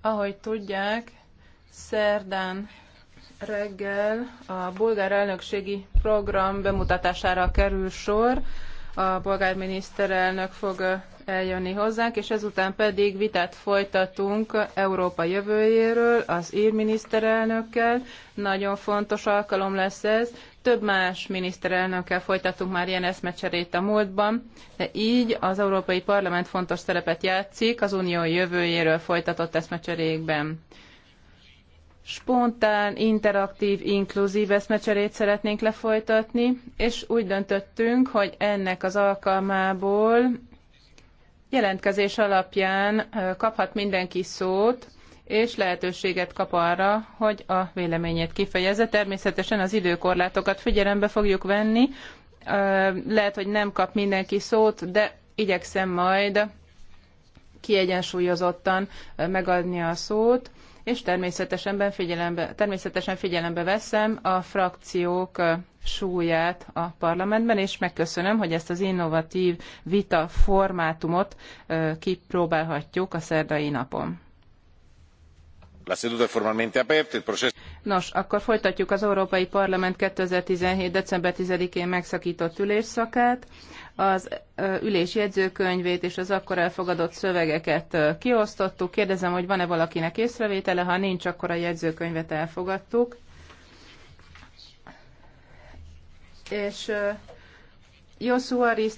Ahogy tudják, szerdán reggel a bolgár elnökségi program bemutatására kerül sor a polgárminiszterelnök fog eljönni hozzánk, és ezután pedig vitát folytatunk Európa jövőjéről az ír miniszterelnökkel. Nagyon fontos alkalom lesz ez. Több más miniszterelnökkel folytatunk már ilyen eszmecserét a múltban, de így az Európai Parlament fontos szerepet játszik az unió jövőjéről folytatott eszmecserékben spontán, interaktív, inkluzív eszmecserét szeretnénk lefolytatni, és úgy döntöttünk, hogy ennek az alkalmából jelentkezés alapján kaphat mindenki szót, és lehetőséget kap arra, hogy a véleményét kifejezze. Természetesen az időkorlátokat figyelembe fogjuk venni. Lehet, hogy nem kap mindenki szót, de igyekszem majd kiegyensúlyozottan megadni a szót és természetesen figyelembe, természetesen figyelembe veszem a frakciók súlyát a parlamentben, és megköszönöm, hogy ezt az innovatív vita formátumot kipróbálhatjuk a szerdai napon. Nos, akkor folytatjuk az Európai Parlament 2017. december 10-én megszakított ülésszakát. Az ülés jegyzőkönyvét és az akkor elfogadott szövegeket kiosztottuk. Kérdezem, hogy van-e valakinek észrevétele, ha nincs, akkor a jegyzőkönyvet elfogadtuk. És Josu Aristi